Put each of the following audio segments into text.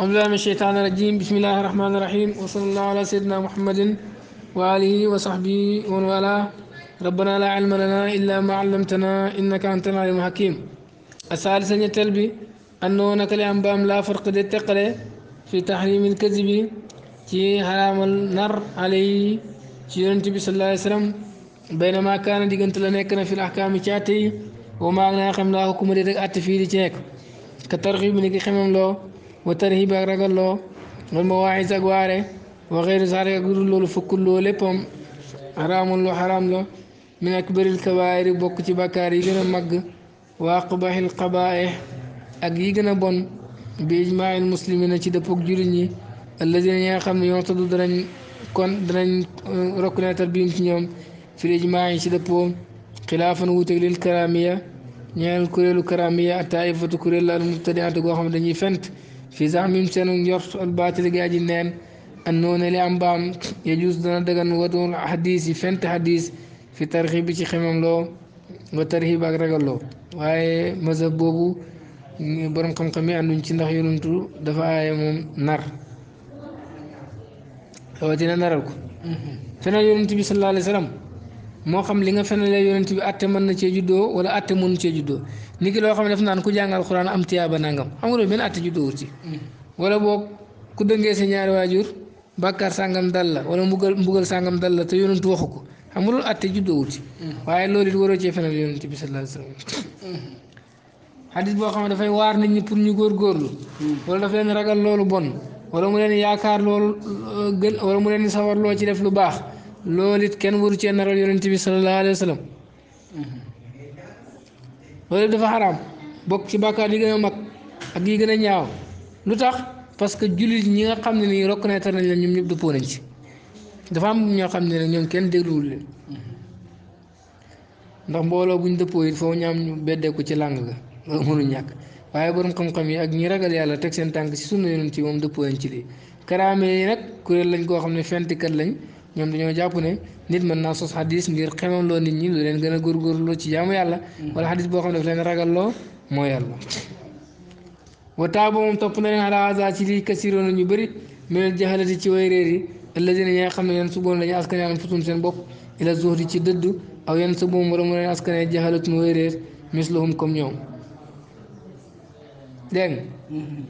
أعوذ بالله من الشيطان الرجيم بسم الله الرحمن الرحيم وصلى الله على سيدنا محمد وآله وصحبه ومن والاه ربنا لا علم لنا إلا ما علمتنا إنك أنت العليم الحكيم الثالثة يتلبي أنه نكل أنبام لا فرق للتقلي في تحريم الكذب في حرام النار عليه في النبي صلى الله عليه وسلم بينما كان ديغنت لا نيك في الأحكام تشاتي وما أغنى خم لا حكم دي أت في دي تيك كترغيب نيكي خمم لو وترهيب رجل الله والمواعظ أجواره وغير ذلك أقول له لفكل له لبهم حرام له حرام له من أكبر الكبائر بوكت بكاري جنا مج وأقبح القبائح أجيجنا بون بإجماع المسلمين أشد فوق جرني الذين يأخذ من يوم تدرن كون درن ركنا تربيم فيهم في الإجماع أشد فوق خلافا وتجل الكرامية نيان الكرة الكرامية أتاي فتكرر المبتدئ أتقوى خمدني فنت fi zahmim seen njort albaatili gaa ji neen annoona li am baam yajus dana dagan watul xadis yi fent xadis fi tarxib bi ci xemam loo wa tarxib ak ragal loo waaye mazhab boobu borom xam-xam yi ànduñ ci ndax yonuntu dafa aaye moom nar rawatina naral ko mhm. feneen yonent bi sallallahu alayhi wa moo xam li nga fenalee yonent bi atte mën na cee juddoo wala mën mënu cee juddoo nit ki loo xam ne daf naan ku jàngal xuraan am tiyaaba nangam xam nga loolu benn atte juddoo wut wala boog ku dëngee sa ñaari waajur bàkkaar sàngam dal la wala mbugal mbugal sàngam dal la te yonent waxu ko xam nga loolu atte juddoo wut ci waaye loolu cee fenal yonent bi sallallahu alayhi wa boo xam ne dafay waar nit ñi pour ñu góor góorgóorlu wala daf leen ragal loolu bon wala mu leen yaakaar loolu gën wala mu leen sawarloo ci def lu baax lool it kenn waru cee naral yonent bi sallallahu alayhi wa sallam loolu dafa xaraam bokk ci bàkkaar yi gën a mag ak yi gën a ñaaw lu tax parce que jullit ñi nga xam ne nii rokk reconnaître nañ leen ñoom ñëpp dëppoo nañ ci dafa am ñoo xam ne ñoom kenn dégluwul leen ndax mbooloo buñ dëppoo it foofu ñu am ñu beddeeku ci làng ga loolu mënu ñàkk waaye borom xam-xam yi ak ñi ragal yàlla teg seen tànk ci sunna yonent ci moom dëppoo nañ ci lii karaame yi nag kuréel lañ koo xam ne fentikat lañ ñoom dañoo jàpp ne nit mën naa sos xadis ngir xemam loo nit ñi lu leen gën a góorgóorloo ci jaamu yàlla hmm. wala xadis boo xam ne daf leen ragal loo moo yàlla wa taaba moom topp na leen alaasa ci lii kasiroon ñu bëri minel jaxalati ci way réer yi alladina ñi xam ne yeen suboon la ñu askane am seen bopp ila zuhdi ci dëdd aw yeen sa boom wara mu leen askane jaxalatun way réer mislahum comme ñoom dégg hmm.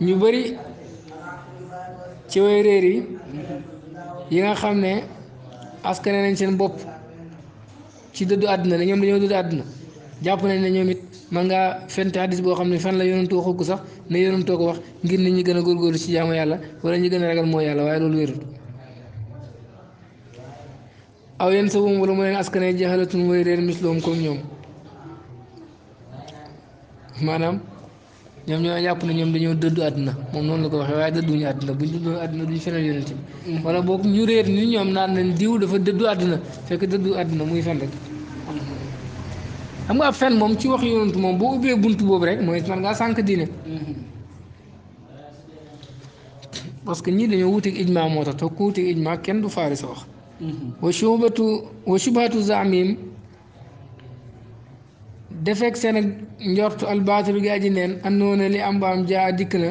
ñu bëri ci way réer yi yi nga xam ne askane nañ seen bopp ci dëddu àdduna ne ñoom dañoo dëddu àdduna jàpp nañ ne ñoom it man ngaa fente hadis boo xam ne fan la yonantu waxu ko sax ne yonantoo ko wax ngir nit ñu gën a góorgóorlu ci jaamu yàlla wala ñi gën a ragal moo yàlla waaye loolu wérul aw yenn sa wum wala mu leen askane jaxalatun way réer misloom comme ñoom maanaam ñoom ñoo jàpp ne ñoom dañoo dëddu àdduna moom noonu la ko waxee waaye dëdduñu àdduna buñ dëddu àdduna duñ fenal yonent bi wala boog ñu réer ni ñoom naan nañ diw dafa dëddu àdduna fekk dëddu àdduna muy fen rek xam nga ab fen moom ci wax yonent moom boo ubbee bunt boobu rek mooy man ngaa sànq diine parce que ñii dañoo wuteeg ijma moo tax te ku wuteeg ijma kenn du faari sa wax mhm. wa shubatu wa shubhatu zaamim defek seen ak njortu albatilu gi aji neen andoon li am ba am jaa dikk na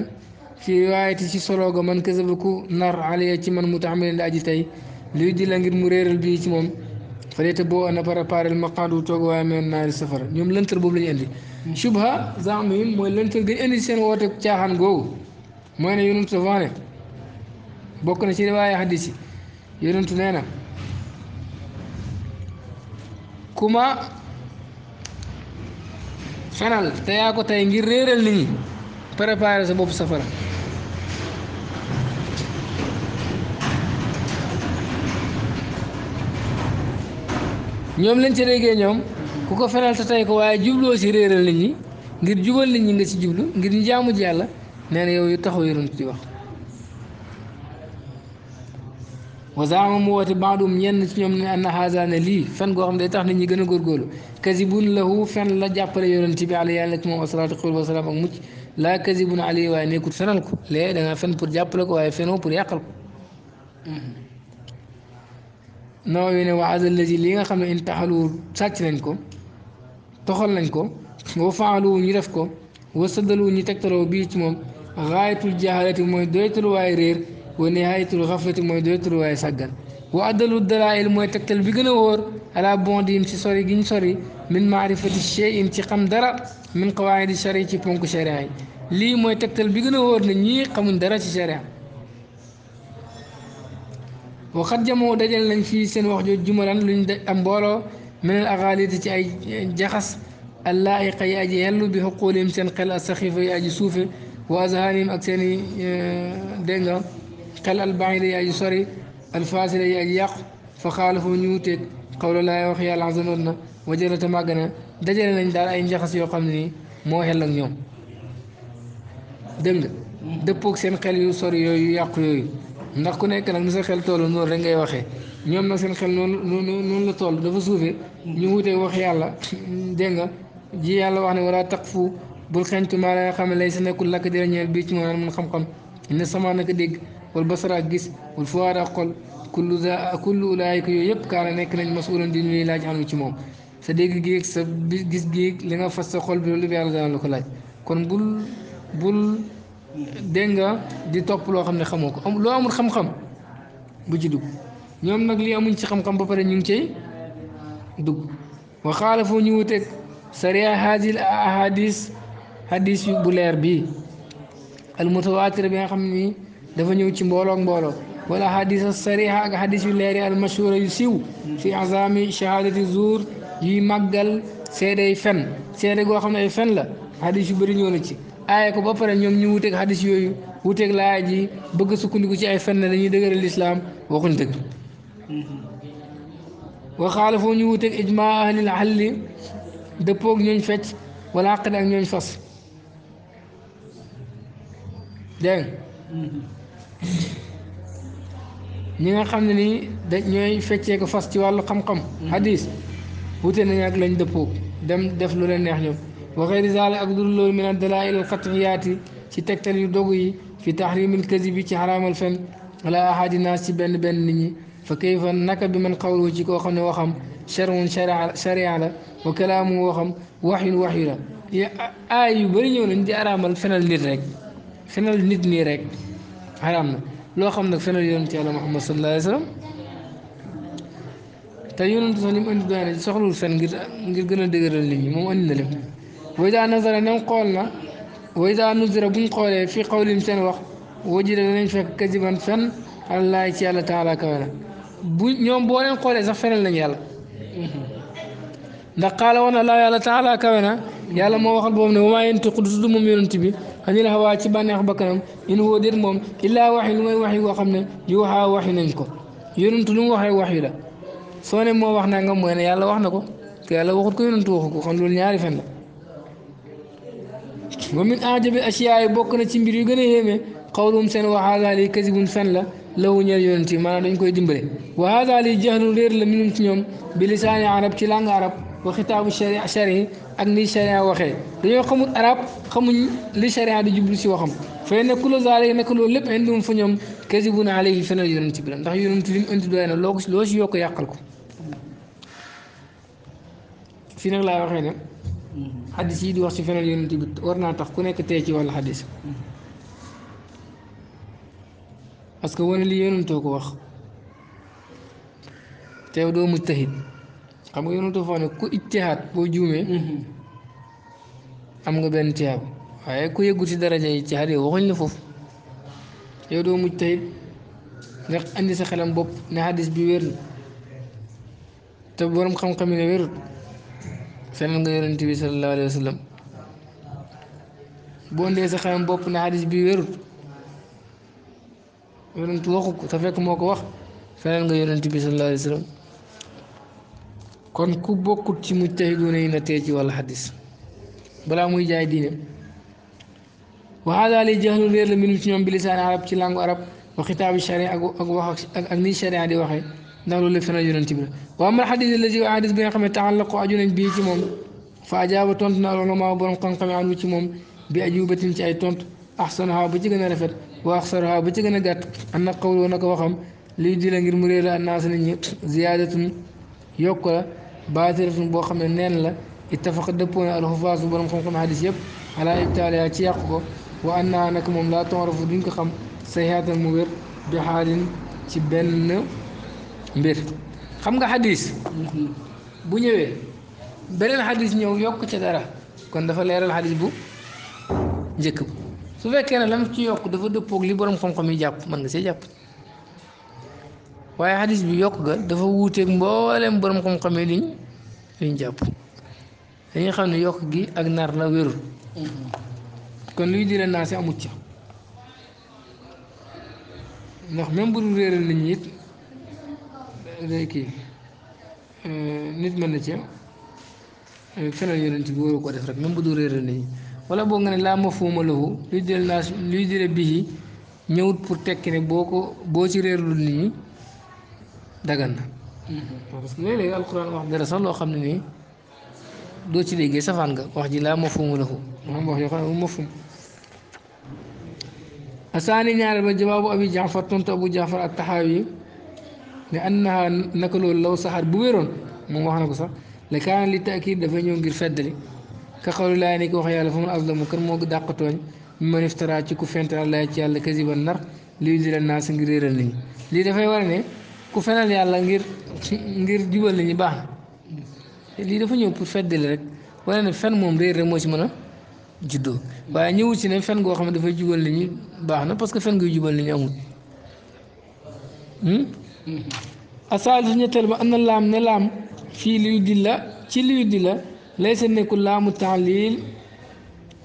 fi riwaayati ci solooga man kasaba ku nar aliya ci man mutaamilan di aji tey luy di ngir mu réeral bii ci moom faleeta boo ana préparé maqaadu toog waaye meen naari safara ñoom lëntër boobu la ñu indi hmm. subha zamihim mooy lëntër gañ indi seen woote caaxaan googu mooy ne yonentu dafa ne bokk na ci riwaaya hadis yi yonentu nee na kuma fenal te yaa ko tey ngir réeral nit ñi préparer sa bopp safara ñoom lañ ci déggee ñoom ku ko fenal te tey ko waaye jubloo si réeral nit ñi ngir jubal nit ñi nga ci jublu ngir ñu jaamu ji yàlla nee na yow yu taxaw yoroon ci wax وزعم موت بعض من ينم ان هذا نلي فن غو خم داي تخ ني غنا غور غول كذب له فن لا جابر يونتي بي على يالك مو وصلات قول وسلام مك لا كذب علي واي نيكو سنال كو لي دا فن بور جابل كو واي فنو بور ياقل نو وين وعد الذي لي خم ان تحلوا ساتش نانكو تخول نانكو وفعلوا ني رفكو وسدلوا ني تكترو بي تي موم غايه الجهاله موي دويتلو ونهاية الغفلة ما يدوتر ويسجل وعدل الدلائل ما يتكتل بجنور على إمشي صري جين سوري من معرفة الشيء إمشي انتقام درا من قواعد الشريعة بونك شريعي لي ما يتكتل بجنور نني قم درا شريعي وقد جمعوا دجل لن في سن وخجو جمرا من الأغالي تتعي جخص اللائق يأجي يلو بحقولهم إمشي قل السخيفة يأجي صوفي وأزهانهم أكسني آه، دينغا خل البعيد يا يسري الفاصل يا يق فخالف نيوتك قول لا يوخي العزنون وجرة ماغنا دجل لن دار اين جخص يو قمني مو هل لن يوم دمد دبوك سين خل يسري يو يق يو نكون اكنا نسا خل طول نور رنگ اي وخي نيوم نسا خل نون لطول نفسوفي نيوت اي الله دنگا جي الله وحنا ورا تقفو بل خنتو ما لا ليس نكو لك دير بيت مو من خم خم إن السماء نكدق والبصرة قسم والفؤاد أقل كل ذا كل أولئك يبكى على نك نج مسؤول عن دينه لا جانو تمام صديق جيك سب جس جيك لينا فصل خل بيقول بيار ذا لو خلاج كون بول بول دينغا دي توب لو خم نخموك أم لو أمر خم خم بجدوك نعم نقلي أمين شخم خم بفر نيم شيء دوك وخالفوا نيوتك سريع هذه الأحاديث حديث بولير بي المتواتر بين خمني dafa ñëw ci mbooloog mbooloo wala xadis a sariha ak xadis yu leeri al mashhura yu siiw fi azami shahadati zuur yuy màggal seede ay fen seede goo xam ne ay fen la xadis yu bari ñëw na ci aaye ko ba pare ñoom ñu wuteeg xadis yooyu wuteeg laaya ji bëgg sukkandiku ci ay fen ne dañuy dëgëral lislaam waxuñ dëgg wa xaalafoo ñu wuteeg ijma ahlil xalli dëppoog ñooñ fecc wala àqdi ak ñooñ fas dégg ñi nga xam ne nii dañ ñooy feccee ko fas ci wàllu xam-xam mhm. hadis wute ak lañ dëppoo dem def lu leen neex ñoom waxee risaale ak dul loolu min ad-dalaa'il al-qat'iyaati ci tegtal yu dogu yi fi tahriimil kazi bi ci xaraamal fen ala ahadi naas ci benn benn nit ñi fa kayfa naka bi man xawlu ci koo xam ne waxam shar'un sharia la wa kalaamu waxam waxyun waxyu la aay yu bëri ñëw nañ di araamal fenal nit rek fenal nit nii rek حرامنا لو خم نك فين اليوم تي الله محمد صلى الله عليه وسلم تيون تسلم انت دان سخلو فين غير غير غنا دغرل لي مو اني نل واذا نظر نم قولنا واذا نظر بن قول في قول سن وقت وجد لن فك كذبا فن الله تعالى تعالى كبر بو نيوم بولن قول زفرن لن يالا mm-hmm ndax xaala woon na laa yàlla taala kawe na moo waxal boobu ne wamaa yéen tuqud tudd moom yonent bi anil hawaa ci bànneex bakkanam in huwa déet moom illaa waxyi lu may wax yi xam ne yu waxaa waxi nañ ko yonent lu mu wax rek wax yu la soo ne moo wax naa nga mooy ne yàlla wax na ko te yàlla waxut ko yonent waxu ko kon loolu ñaari fen la wa min ajabi asiyaa bokk na ci mbir yu gën a yéeme xawlum seen waxaadaa lii kasibun fen la lawu ñeel yonent dañ koy dimbale waxaadaa lii la minum ci ñoom bi lisaani arab وختام الشريعة شرعي أني شريعة وخير ديو خمو العرب خمو لي شريعة دي جبل سي وخم فين كل زالي نك لو لب عندهم فنيوم كذبون عليه فين يونت بلا ندخ يونت لي انت دو انا لوكس لوش يوكو ياقلكو فين لا وخين حديث يدي وخش فين يونت بت ورنا تخ كو نك تيتي ولا حديث باسكو وين لي يونتو كو وخ تيو دو مجتهد xam nga yonatu foo ne ku ijtihaad boo juumee am nga benn tiyaab waaye ku yëggu ci daraja yi ijtihaad yow waxuñ la foofu yow doo mujtahid ndax andi sa xelam bopp ne hadis bi wér na te borom xam-xam yi ne wérut feneen nga yonent bi sallallahu alayhi wa sallam boo ndee sa xelam bopp ne hadis bi wérut yonent waxu ko te fekk moo ko wax feneen nga yonent bi sallallahu alayhi wa sallam kon ku bokkut ci mujtahiduna yi na tee ci wàllu xadis balaa muy jaay diine waxaadaali jaxlu réer la minu ci ñoom bi lisaani arab ci langue arab wa xitaabi sharia ak ak wax ak ak ni sharia di waxee ndax loolu la fenal yonent bi la wa amal xadis la ci xadis bi nga xam ne taxallaqu aju nañ bii ci moom fa ajaaba tontu na alulamaa borom xam-xam anu ci moom bi ajubatin ci ay tontu axsanaha ba ci gën a rafet wa axsaraha ba ci gën a gàtt an na qawloo naka waxam lii di la ngir mu réer la annaasa nit ñi ziyaadatun يوكلا باتر في بوخ من نين لا اتفق الدبون الحفاظ وبرم خم خم حديث يب على ابتال يا تياقو وانا انك مم لا تعرف دينك خم سيهات المبير بحال تبن مبير خم حديث بو نيوي بنين حديث نيو يوكو تي دارا كون دا فا لير الحديث بو جيك su fekkee ne lam ci yokk dafa dëppoog li borom xam-xam yi jàpp mën nga see jàpp waaye xadis bi yokk ga dafa wuuteeg mboolem borom xam-xam yi liñ liñ jàpp dañuy xam ne yokk gi ak nar la wérul kon luy di la naa si amut ca ndax même bu dul réeral nit ñi it day kii euh, nit mën na ci euh, fenal yonent bi waru ko def rek même bu dul réeral nit ñi wala boo nga ne laa ma fuuma lahu luy di la naa luy di la bii ñëwut pour tekki ne boo ko boo ci réerlu nit ñi dagan na hmm. parce que alxuraan wax dara sax loo xam ne nii doo ci déggee safaan nga wax ji laa mafhuum lahu maanaam wax yoo xam ne mafhuum asaani ñaareel ba jawaabu abi jaafar tontu abu jaafar ak taxaawi ne annaha naka loolu law saxaat bu wéroon moom wax na ko sax la kaan li taakid dafay ñëw ngir feddali ka xawlu laa ni ko wax yàlla fa mu kan moo dàq tooñ man iftara ci ku fent laa ci yàlla kasiban nar liy di la naas ngir réeral nit ñi lii dafay war ne ku fenal yàlla ngir ngir jubal nit ñi baax na lii dafa ñëw pour feddali rek wane ne fen moom réer rek moo ci mën a juddoo waaye ñëwu ci ne fen goo xam ne dafay jubal nit ñi baax na parce que fen guy jubal nit ñi amul hmm? asaalis ñetteel ba am na laam ne laam fii liy di la ci liy di la lay sa nekkul laamu taalil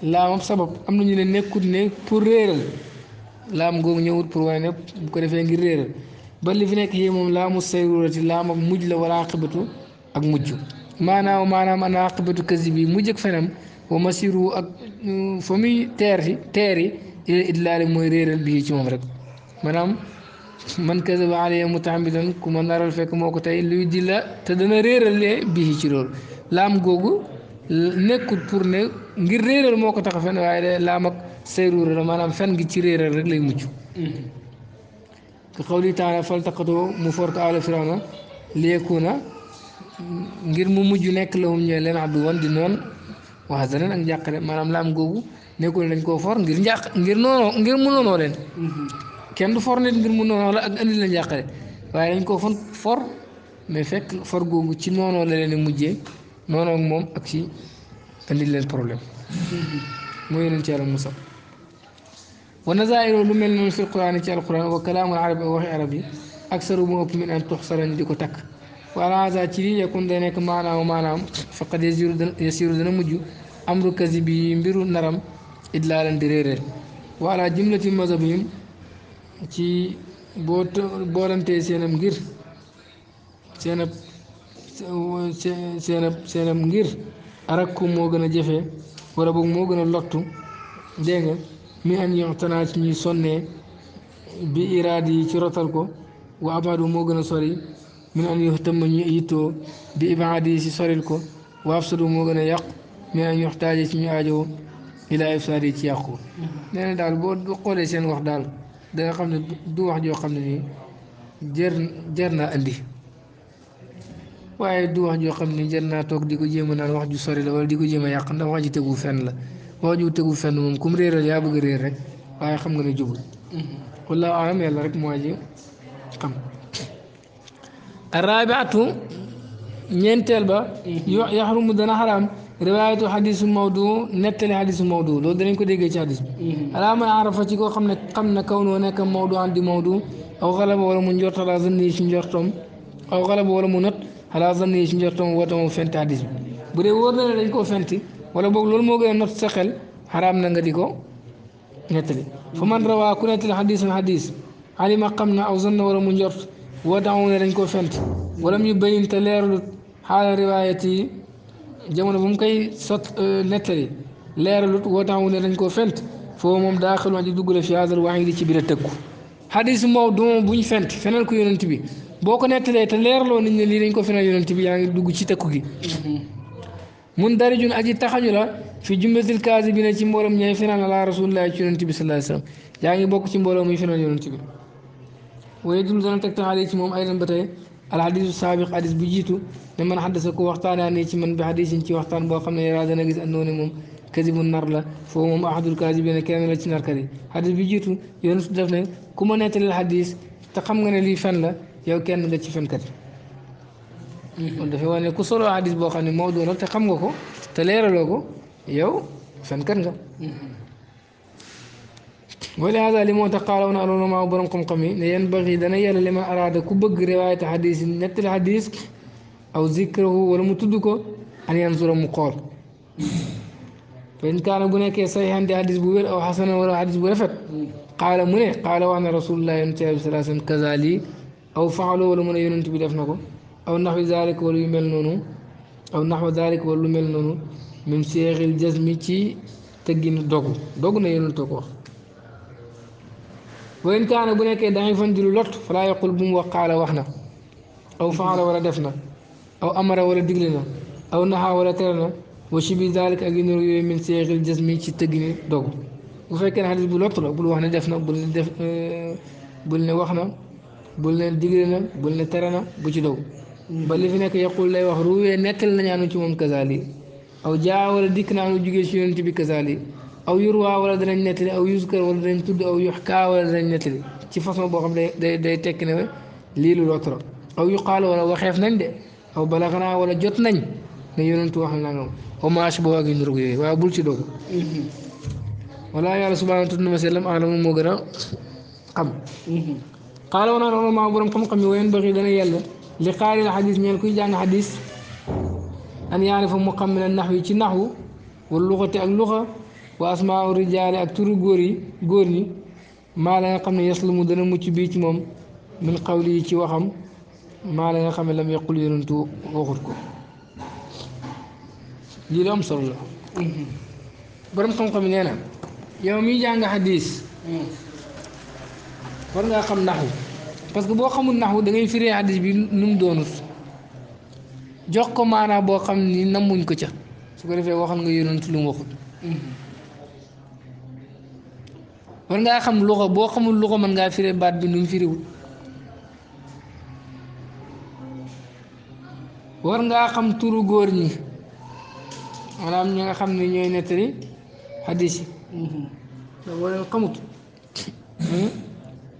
laamam sabab am na ñu ne nekkut ne pour réeral laam googu ñëwut pour wane ne bu ko defee ngir réeral ba li fi nekk yéen moom laa mu sayrurati laam ak mujj la wala aqibatu ak mujj maanaam maanaam ana aqibatu kasi bi mujj fenam wa masiru ak mm, fa muy teer teer yi ilal idlaali mooy réeral bii ci moom rek maanaam man kasaba alayya mutaamidan ku ma naral fekk moo ko tey luy di la te dana réeral bii ci loolu laam googu nekkul pour ne ngir réeral moo ko tax a fen waaye de laam ak sayrura maanaam fen gi ci réeral rek lay mujj. Mm-hmm. ka xawli taala faltaqatoo mu fork ala firawna liyakuna ngir mu mujju nekk la moom ñooy leen abdu wan di noonu wax danañ ak njàqare maanaam laam googu nekkul lañ koo for ngir njàq ngir noonoo ngir mu noonoo leen mm-hmm. kenn for nit ngir mu noonoo la ak andi waaye dañ koo fon for mais fekk for googu ci noonoo la leen mujjee noonoo ak moom ak ci andi leen problème mm-hmm. mooy yeneen ونزائر لمن من في القرآن في القرآن وكلام العربي وهي عربي أكثر موك من أن تحصل عندك تك وعلى هذا تري يكون دينك معنى ومعنى فقد يسير يسير دنمجو أمر كذبي يمبر نرم إدلالا درير وعلى جملة مذهبهم تي بوت بورم تي سينم غير سينب سينب سينب غير أراكم موغنا جفه ولا بوغ موغنا لطو دينك min an yoxtanaa ci ñuy sonnee bi iraad yi ci rotal ko wa abadu moo gën a sori min an yoxtamma ñu yittoo bi ibaad yi ci soril ko wa afsadu moo gën a yàq min an yoxtaaje ci ñu aajoo ilaa ifsaad yi ci yàqu nee na daal boo xoolee seen wax daal danga xam ne du wax joo xam ne nii jër jër naa andi waaye du wax joo xam ne jër naa toog di ko jéem a naan wax ju sori la wala di ko jéem a yàq ndax wax ji tegu fenn la wax ju tegu fenn moom kum réeral yaa bëgg réer rek waaye xam nga ne jubul mhm. wallaahu alam yàlla rek moo ji xam araabiatu ñeenteel ba mhm. yaxrumu dana xaraam riwaayatu xadisu mawdu nettali xadisu mawdu loolu danañ ko déggee ci xadis bi mhm. alaa man arafa ci koo xam ne xam na kaw noo nekk mawdu an di mawdu aw xalaba wala mu njort alaa zanni ci njortoom aw xalaba wala mu not alaa zanni ci njortoom wootamoo fent xadis bi bu dee wóor na wala boog loolu moo gën a not sa xel xaraam na nga di ko nettali fa man rawaa ku nettali xadiisan xadiis alima xam na aw zanna wala mu njort woo daxu dañ koo fent wala mu bayin te leerul xaala riwaayat yi jamono bu mu koy sot euh, nettali leeralut woo taxawu ne dañ koo fent foo moom daa xel wax dugg la fi haadal waxi di ci biir a tëkku xadis moom doom bu ñu fent fenal ko yonent bi boo ko nettalee te leeraloo nit ñi lii dañ ko fenal yonent bi yaa ngi dugg ci tëkku gi mm-hmm. mundarijun aji taxaju la fi jumlatil kaasibina ci mbooloom ñay fenaan ala rasulillahi ci yonent bi sallallahu alayhi wasallam yaa ngi bokk ci mbooloo muy fenaan yonent bi waaye dul dana teg taxaale ci moom ay lan ba tey alxadisu saabiq xadis bu jiitu ne man xaddasa ko waxtaanaa ne ci man bi xadisin ci waxtaan boo xam ne yàlla dana gis andoo ne moom kasibu nar la foofu moom ahadul kaasibina kenn la ci narkat yi xadis bu jiitu yonent def ne ku ma nettalil xadis te xam nga ne lii fen la yow kenn nga ci fenkat yi kon dafa wane ku solo hadith bo xamni ne Maodo la te xam nga ko te leeraloo ko yow kan nga. ولهذا لما تقالوا أن أرونا معه برم قم قمي ينبغي دنيا لما أراد كبق رواية حديث نت الحديث أو ذكره ولم تدكو أن ينظر مقال فإن كان هناك صحيح عند حديث بوير أو حسن ولا حديث بولفت قال منه قال وانا رسول الله ينتهي بسلاسا كذلك أو فعلوا ولم ينتهي بدفنكم أو نحو ذلك ولمل نونو أو نحو ذلك ولمل نونو من سيغ الجزم تي تجين دوغو دوغو نيو نتوكو وإن كان بو نيكي ضعيفا ديلو لوت فلا يقول بوم وقال وحنا أو فعل ولا دفنا أو أمر ولا دجلنا أو نحا ولا ترنا وشبي ذلك أجين من سيغ الجزم تي تجين دوغو bu fekkee ne xalis bu lott la bul wax ne def na bul ne def bul ne wax na bul ba li fi nekk yaqul lay wax ruwee nettal nañaanu ci moom kazaali aw jaa wala dikk naanu jugee ci yonent bi kazaali aw yurwaa wala danañ nettali aw yuskar wala danañ tudd aw yuxkaa wala ci façon boo xam day day tekki ne lii lu lotoro aw yuqaal wala waxeef nañ de aw balaxanaa wala jot nañ ne yonentu wax na nga hommage boo waa gi nurug yooyu waaye bul ci doog mm-hmm. wala yàlla subhaanahu tudd na ma sellam moo gën a xam xaala mm-hmm. wanaa roona maa borom xam-xam yi wayen baxi dana لقاري الحديث من كل جان حديث أن يعرف مقام من النحو كي نحو واللغة اللغة وأسماء الرجال أكتر غوري غوري ما لا يقم يسلم دون متبيت مم من قولي كي وهم ما لا يقم لم يقل يرنتو وغركو ليلام صلى الله برم خم خم نينا يومي جان حديث برم خم نحو parce que boo xamul naxu da dangay firee hadis bi nu mu doonut jox boo xam ni namuñ ko ca su ko defee waxal nga yonent lu mu waxul war ngaa xam luxa boo xamul luxa mën ngaa firee baat bi nu mu firiwul war ngaa xam turu góor ñi maanaam ñi nga xam ne ñooy nettali hadis yi. da mm-hmm. boo leen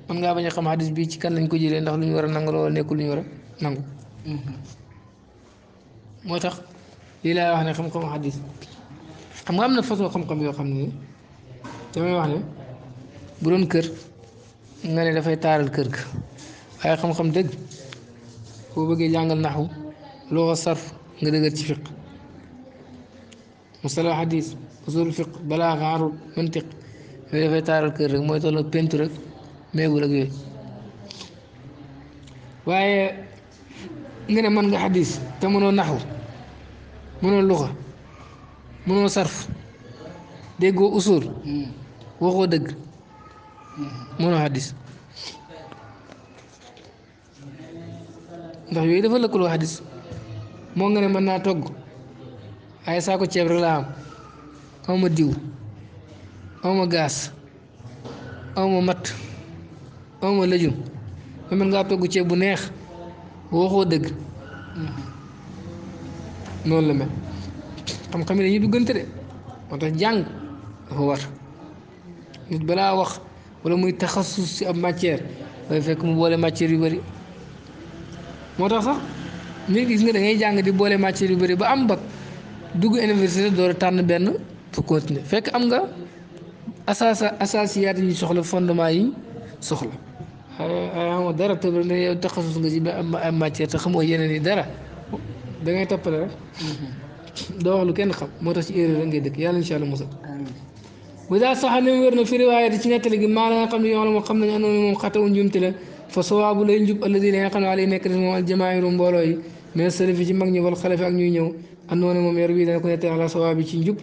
man ngaa bañ a xam xadis bi ci kan lañ ko jëlee ndax lu ñu war a nangu loolu nekkul lu ñu war a nangu moo tax lii laay wax ne xam-xam xadis xam nga am na façon xam-xam yoo xam ne damay wax ne bu doon kër nga ne dafay taaral kër ga waaye xam-xam dëgg boo bëggee jàngal naxu loo ko sarf nga dëgër ci fiq musala xadis usul fiq balaa xaarul mantiq yooyu dafay taaral kër rek mooy tolloo pentu rek meegul ak yooyu waaye nga ne mën nga xadis te mënoo naxu mënoo luxa mënoo sarf déggoo usul waxoo dëgg mënoo xadis ndax yooyu dafa lëkkaloo xadis moo nga ne mën naa togg waaye saako ceeb rek laa am awma diw awma gaas awma matt moom wala jum ma mën ngaa togg ceeb bu neex waxoo dëgg noonu la mel xam-xam yi dañuy duggante de moo tax jàng dafa war nit balaa wax wala muy taxasus si ab matière day fekk mu boole matière yu bari moo tax sax nit gis nga dangay ngay jàng di boole matière yu bëri ba am bac dugg université door a tànn benn pour continuer fekk am nga asaasa asaasiyaat yi soxla fondement yi soxla. xamoo dara te ne yow taxasus nga ci ba am am matière te xamoo yeneen yi dara da ngay toppale rek doo wax lu kenn xam moo tax ci erreur la ngay dëkk yàlla incha allah musal. bu daa sax ne wér na fi riwaayati ci nettali gi maa la nga xam ne yoo xam ne andoona moom xatawu njumte la fa sawaabu lay njub alladi la nga xam ne alay nekk des moom al jamaahiru mbooloo yi mais salafi ci mag ñi wal xalafi ak ñuy ñëw andoona moom yar bii dana ko nettali ala sawaab bi ci njub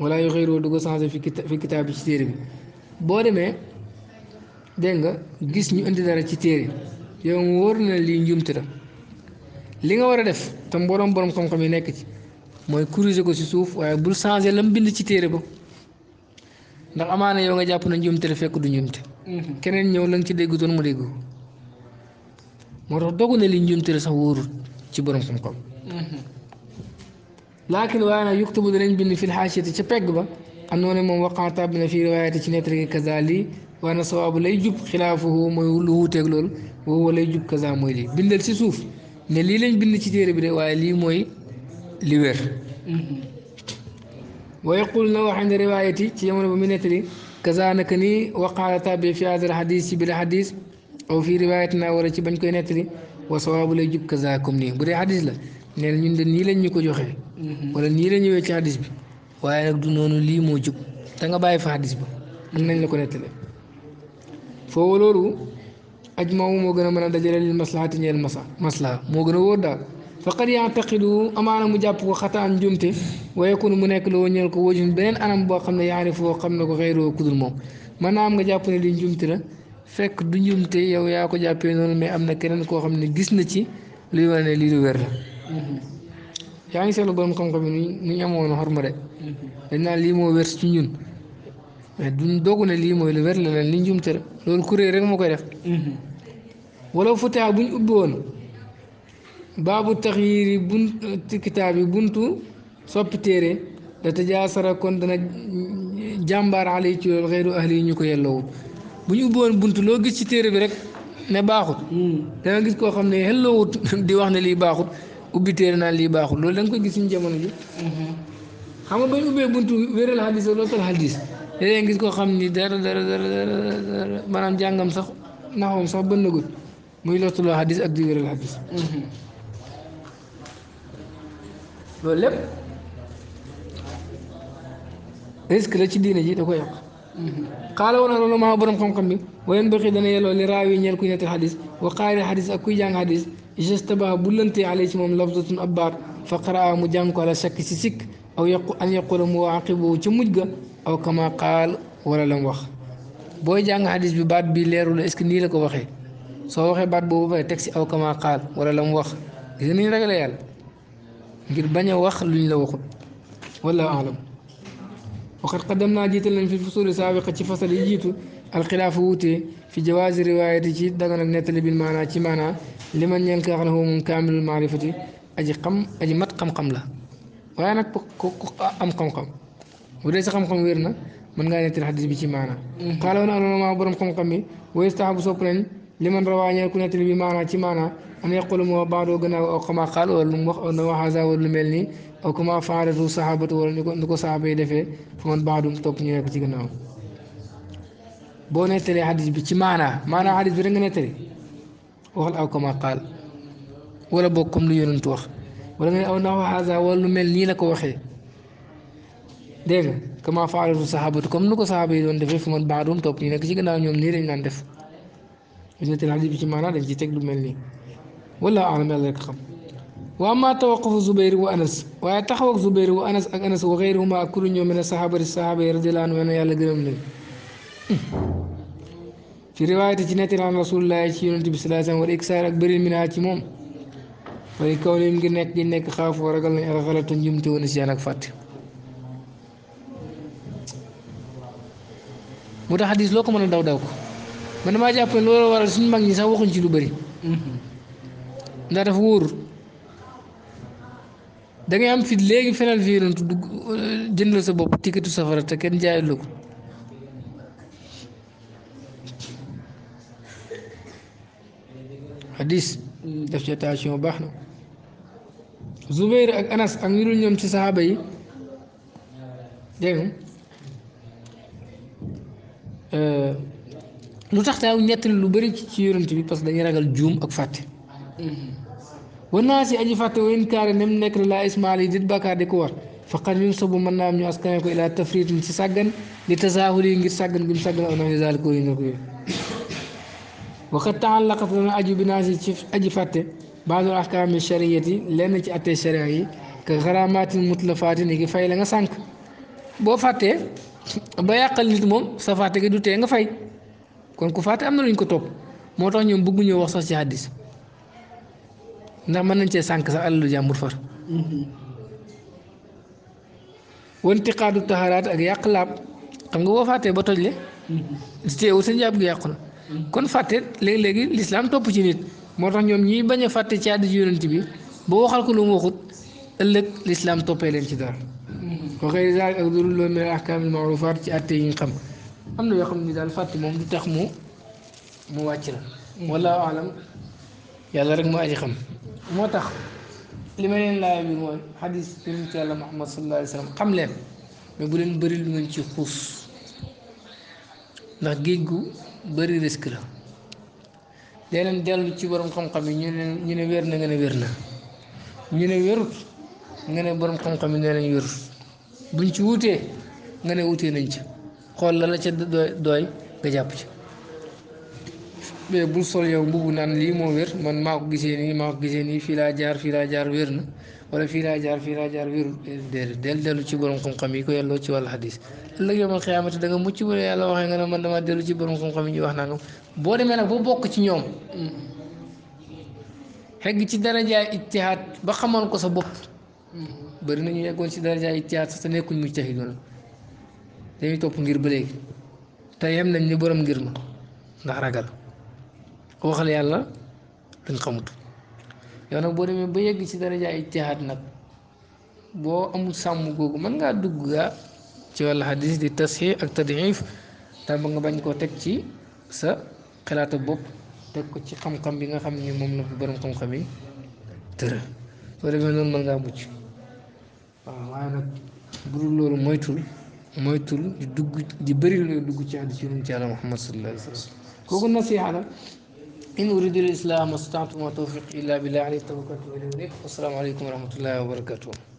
wala yu xëyroo du ko changé fi kita fi kitaab bi ci téere bi boo demee dégg nga gis ñu indi dara ci téere yow mu wóor na lii njumte la li nga war a def tam borom boroom xam-xam yi nekk ci mooy corriger ko ci suuf waaye bul changer lam bind ci téere ba ndax amaana yow nga jàpp na njumte la fekk du njumte mm-hmm. keneen ñëw la nga ci déggutoon mu dégg moo tax dogu na li njumte la sax wóorul ci borom xam-xam mm-hmm. laakin waaye nag yuktubu danañ bind fil xaasiyati ca ba انوني مو وقع تابنا في روايه تشنتري كزالي وانا صواب لي جب خلافه مولو تيغلول وهو لي جب كذا مولي بندل سيسوف سوف ني لي لنج بند سي تيري لي موي لي وير ويقول نو عند روايتي تي يمر بمنتري نكني وقع تابع في هذا الحديث بالحديث او في روايتنا ورا تي بنكو نتري وصواب لي جب كذا كم ني بري حديث لا ني لنج ني لنج جوخي ولا ني لنج ويتي بي waaye nag du noonu lii moo jub da nga bàyyi fa xadis ba mën nañ la ko nettale foofu loolu ajmaaw moo gën a mën a dajale lil maslahati ñeel masa maslaha moo gën a wóor daal faqad yaataqidu amaana mu jàpp ko xataan njumte wa yakunu mu nekk loo ñeel ko wajun beneen anam boo xam ne yaarifoo xam ne ko xeyroo kudul moom mën naa am nga jàpp ne li njumte la fekk du njumte yow yaa ko jàppee noonu mais am na keneen koo xam ne gis na ci luy wane lu wér la yaa ngi seetlu borom xam-xam yi ni ñu amoon xorma de dañ naan lii moo wér ci ñun mais duñ doogu ne lii mooy la leen li njumte la loolu kuréel rek moo koy def wala futaa buñ ubbi woon baabu taxyiir yi buntu yi buntu soppi téere da tajaasara kon dana ñu ko yellowul bu ñu ubbi woon buntu loo gis ci téere bi rek ne baaxut hmm. da nga gis koo xam ne yellowut di wax ne lii baaxut ubbi téere naan lii baaxul loolu da nga koy gis suñu jamono ji. Mm-hmm. xam nga ba ñu buntu wéral xadis loolu tal xadis koo xam ni dara dara dara dara maanaam jàngam sax naxoom sax bënn gudd muy lottaloo xadis ak mm-hmm. lépp risque la ci diine ji da koy yàq. قالوا انا لما بروم كوم كوم وين بخي دنا يلو لي راوي نيل كوي نتي حديث وقاري حديث اكوي جان حديث جستبا بولنتي عليه موم لفظه ابار فقرا مو جان شك سيك او يق ان يقول مواقبه تي او كما قال ولا لم وخ بو جان حديث بي بي ليرو لا ني لاكو وخي سو وخي بات بو بي تكسي او كما قال ولا لم وخ ني رغلا يال غير باña وخ لو ني لا وخو والله وقد قدمنا جيتا في الفصول السابقة في فصل جيتو الخلاف ووتي في جواز رواية جيت دغن نتلي بالمعنى كمانا لمن ينكره من كامل المعرفة أجي قم أجي مات قم قم لا وأنا أم قم قم وليس قم قم ويرنا من غير نتلي حديث بكي معنا قالوا أنا ما أبرم قم قم ويستحب سوبرين لمن روى أن يكون نتلي بالمعنى كمانا أن يقول مو بعض وغنى أو كما قال ولم وحزا ولم يلني وكما فعلت الصحابة ولا نكو صحابة دفي فمن بعدهم توك نيوك تيغنا بو نتري حديث بي معنى معنى حديث برنغ نتري وقال أو كما قال ولا بوكم لي يرن توخ ولا نتري أو نحو هذا ولا مل ني لكو وخي ديغ كما فعلت الصحابة كم نكو صحابة دون دفي فمن بعدهم توك نيوك تيغنا نيوم نيرن نان دف بس نتري حديث بي معنى دفي تيك ولا أعلم الله يكخم وأما توقف زبير وأنس ويتحوك زبير وأنس أك أنس وغيرهما كل يوم من الصحابة الصحابة رضي الله عنهم يا لقرم في رواية جنة عن رسول الله صلى الله عليه وسلم والإكسار أكبر من هاتمهم ولكونهم جنك جنك خاف ورقل غلط جمت ونسيانك فاتح moo tax xadis loo ko mën a daw daw ko man damaa jàpp ne loolu waral suñu mag ñi sax waxuñ ci dangay am fit léegi fenal violente dugg jëndal sa bopp tikatu safara te kenn jaay la ko hadis def ci attention baax na Zubair ak Anas ak ñu dul ñoom ci saxaaba yi dégg euh, lu tax taaw ñettali lu bëri ci yonent bi parce que dañuy ragal juum ak fàtte mm-hmm. war naa si aji fàtte wa inkaari nem nekk la ismaal yi dit bàkkaar di ko war faqat yun sabu mën naa am ñu askane ko ilaa tafritin si sàggan li tasaahul yi ngir sàggan guñ sàggan aw na si aji fàtte baadul ahkaami chariyat yi lenn ci atte charia yi ka xaraamaatin mutlafaati ni ki la nga sànq boo fàttee ba yàqal nit moom du tee nga fay kon ku fàtte am na luñ ko topp moo tax ñoom bëgguñoo wax sax ci hadis ndax mën nañ cee sànq sax àll lu jàmbur far wanti xaadu taxaraat ak yàq laab xam nga boo fàttee ba toj le teewul sa njaab gi yàqu na kon fàtte léegi-léegi lislaam topp ci nit moo tax ñoom ñiy bañ a fàtte ci àddi ci yonent bi ba waxal ko lu mu waxut ëllëg lislaam toppee leen ci dara wa xëy zaag ak duru loolu mel ahkaamil maarufaat ci àtte yi ñu xam am na yoo xam ne daal fàtte moom du tax mu mu wàcc la wallaahu alam yàlla rek ma aji xam moo tax li ma leen laa bi mooy xadis yonent yàlla Muhammad sa alayhi wa sallam xam leen mais bu leen bëri lu ngeen ci xuus ndax géej gu bëri risque la dee leen dellu ci borom xam-xam yi ñu ne ñu ne wér na nga ne wér na ñu ne wérut nga ne borom xam-xam yi nee nañ wérut buñ ci wutee nga ne wutee nañ ci xool la la ca doy doy nga jàpp ci mais bul sol yow mbubu naan lii moo wér man maa ko gisee nii maa ko gisee nii fii laa jaar fii laa jaar wér na wala fii laa jaar fii laa jaar wérul déedéet del dellu ci borom xam-xam yi ko yelloo ci wàllu xadis ëllëg yow ma xiyaamati da nga mucc bu yàlla waxee nga ne man dama dellu ci borom xam-xam yi ñu wax nangam boo demee nag ba bokk ci ñoom xegg ci darajaay ijtihaad ba xamoon ko sa bopp bëri na ñu yeggoon ci darajaay ijtihaad sax te nekkuñ mujtahidoon dañuy topp ngir ba léegi te yem nañ ni borom ngir ma ndax ragal. waxal yàlla dañ xamut yow nag boo demee ba yegg ci daraja ijtihaad nag boo amul sàmm googu mën ngaa dugg gaa ci wàllu hadis di tasxiix ak tadxiif ndax ba nga bañ koo teg ci sa xalaata bopp teg ko ci xam-xam bi nga xam ni moom la bu borom xam-xam yi tëra soo demee noonu mën ngaa mucc waaw waaye nag bu dul loolu moytul moytul di dugg di bëri lu dugg ci hadis yu nu ci yàlla Muhammad sallallahu alayhi wa sallam kooku nasiixa la إن أريد الإسلام استطعت ما توفيق إلا بالله عليه التوكل والسلام عليكم ورحمة الله وبركاته